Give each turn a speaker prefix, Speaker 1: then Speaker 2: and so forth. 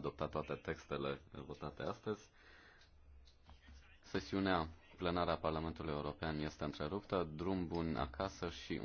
Speaker 1: adopta toate textele votate astăzi. Sesiunea plenară a Parlamentului European este întreruptă. Drum bun acasă și